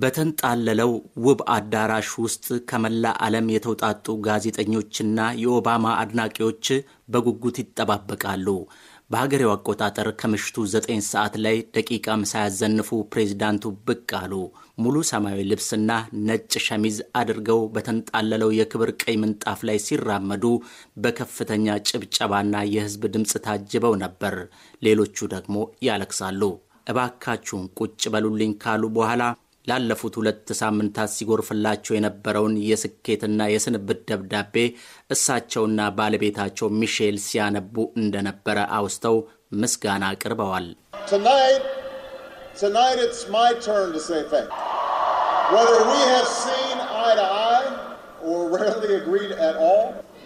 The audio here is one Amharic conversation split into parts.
በተንጣለለው ውብ አዳራሽ ውስጥ ከመላ ዓለም የተውጣጡ ጋዜጠኞችና የኦባማ አድናቂዎች በጉጉት ይጠባበቃሉ። በሀገሬው አቆጣጠር ከምሽቱ ዘጠኝ ሰዓት ላይ ደቂቃም ሳያዘንፉ ፕሬዚዳንቱ ብቅ አሉ። ሙሉ ሰማያዊ ልብስና ነጭ ሸሚዝ አድርገው በተንጣለለው የክብር ቀይ ምንጣፍ ላይ ሲራመዱ በከፍተኛ ጭብጨባና የሕዝብ ድምፅ ታጅበው ነበር። ሌሎቹ ደግሞ ያለቅሳሉ። እባካችሁን ቁጭ በሉልኝ ካሉ በኋላ ላለፉት ሁለት ሳምንታት ሲጎርፍላቸው የነበረውን የስኬትና የስንብት ደብዳቤ እሳቸውና ባለቤታቸው ሚሼል ሲያነቡ እንደነበረ አውስተው ምስጋና አቅርበዋል።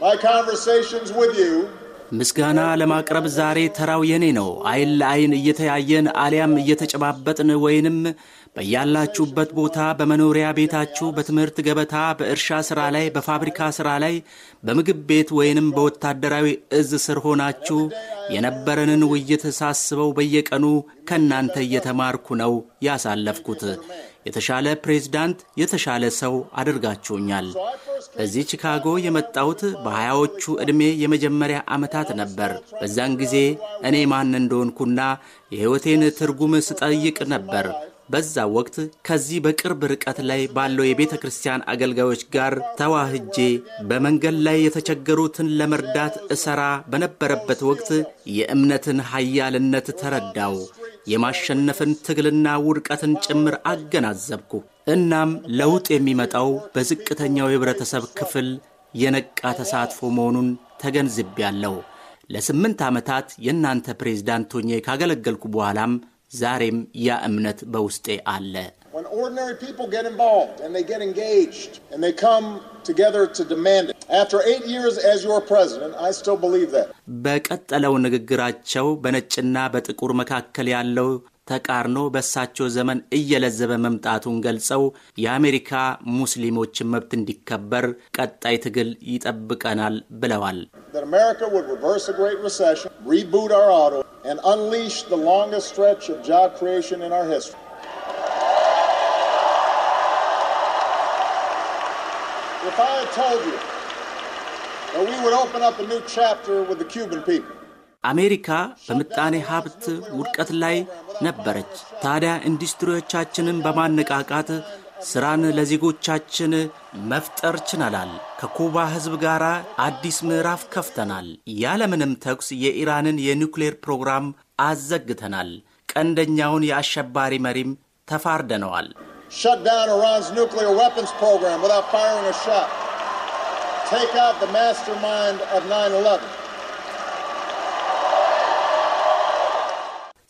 My conversations with you ምስጋና ለማቅረብ ዛሬ ተራው የኔ ነው። አይን ለአይን እየተያየን አሊያም እየተጨባበጥን ወይንም በያላችሁበት ቦታ በመኖሪያ ቤታችሁ፣ በትምህርት ገበታ፣ በእርሻ ሥራ ላይ፣ በፋብሪካ ሥራ ላይ፣ በምግብ ቤት ወይንም በወታደራዊ እዝ ስር ሆናችሁ የነበረንን ውይይት ሳስበው በየቀኑ ከእናንተ እየተማርኩ ነው ያሳለፍኩት። የተሻለ ፕሬዝዳንት፣ የተሻለ ሰው አድርጋችሁኛል። በዚህ ቺካጎ የመጣሁት በሀያዎቹ ዕድሜ የመጀመሪያ ዓመታት ነበር። በዛን ጊዜ እኔ ማን እንደሆንኩና የሕይወቴን ትርጉም ስጠይቅ ነበር። በዛ ወቅት ከዚህ በቅርብ ርቀት ላይ ባለው የቤተ ክርስቲያን አገልጋዮች ጋር ተዋህጄ በመንገድ ላይ የተቸገሩትን ለመርዳት እሰራ በነበረበት ወቅት የእምነትን ኃያልነት ተረዳው። የማሸነፍን ትግልና ውድቀትን ጭምር አገናዘብኩ። እናም ለውጥ የሚመጣው በዝቅተኛው የህብረተሰብ ክፍል የነቃ ተሳትፎ መሆኑን ተገንዝቤያለሁ። ለስምንት ዓመታት የእናንተ ፕሬዝዳንት ሆኜ ካገለገልኩ በኋላም ዛሬም ያ እምነት በውስጤ አለ። When ordinary people get involved and they get engaged and they come together to demand በቀጠለው ንግግራቸው በነጭና በጥቁር መካከል ያለው ተቃርኖ በእሳቸው ዘመን እየለዘበ መምጣቱን ገልጸው የአሜሪካ ሙስሊሞችን መብት እንዲከበር ቀጣይ ትግል ይጠብቀናል ብለዋል። If I had told you አሜሪካ በምጣኔ ሀብት ውድቀት ላይ ነበረች። ታዲያ ኢንዱስትሪዎቻችንን በማነቃቃት ሥራን ለዜጎቻችን መፍጠር ችነናል። ከኩባ ሕዝብ ጋር አዲስ ምዕራፍ ከፍተናል። ያለምንም ተኩስ የኢራንን የኒውክሌር ፕሮግራም አዘግተናል። ቀንደኛውን የአሸባሪ መሪም ተፋርደነዋል። take out the mastermind of 9/11.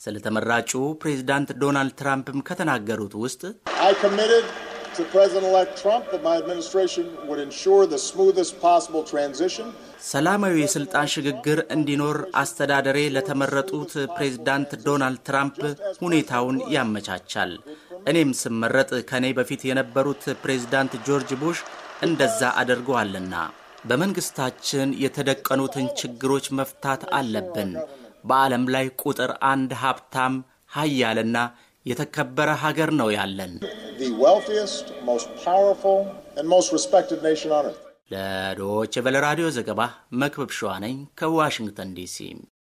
ስለ ተመራጩ ፕሬዝዳንት ዶናልድ ትራምፕም ከተናገሩት ውስጥ I committed to President-elect Trump that my administration would ensure the smoothest possible transition ሰላማዊ የስልጣን ሽግግር እንዲኖር አስተዳደሬ ለተመረጡት ፕሬዝዳንት ዶናልድ ትራምፕ ሁኔታውን ያመቻቻል። እኔም ስመረጥ ከእኔ በፊት የነበሩት ፕሬዝዳንት ጆርጅ ቡሽ እንደዛ አድርገዋልና በመንግስታችን የተደቀኑትን ችግሮች መፍታት አለብን። በዓለም ላይ ቁጥር አንድ ሀብታም ሀያልና የተከበረ ሀገር ነው ያለን። ለዶች ቨለ ራዲዮ ዘገባ መክብብ ሸዋ ነኝ ከዋሽንግተን ዲሲ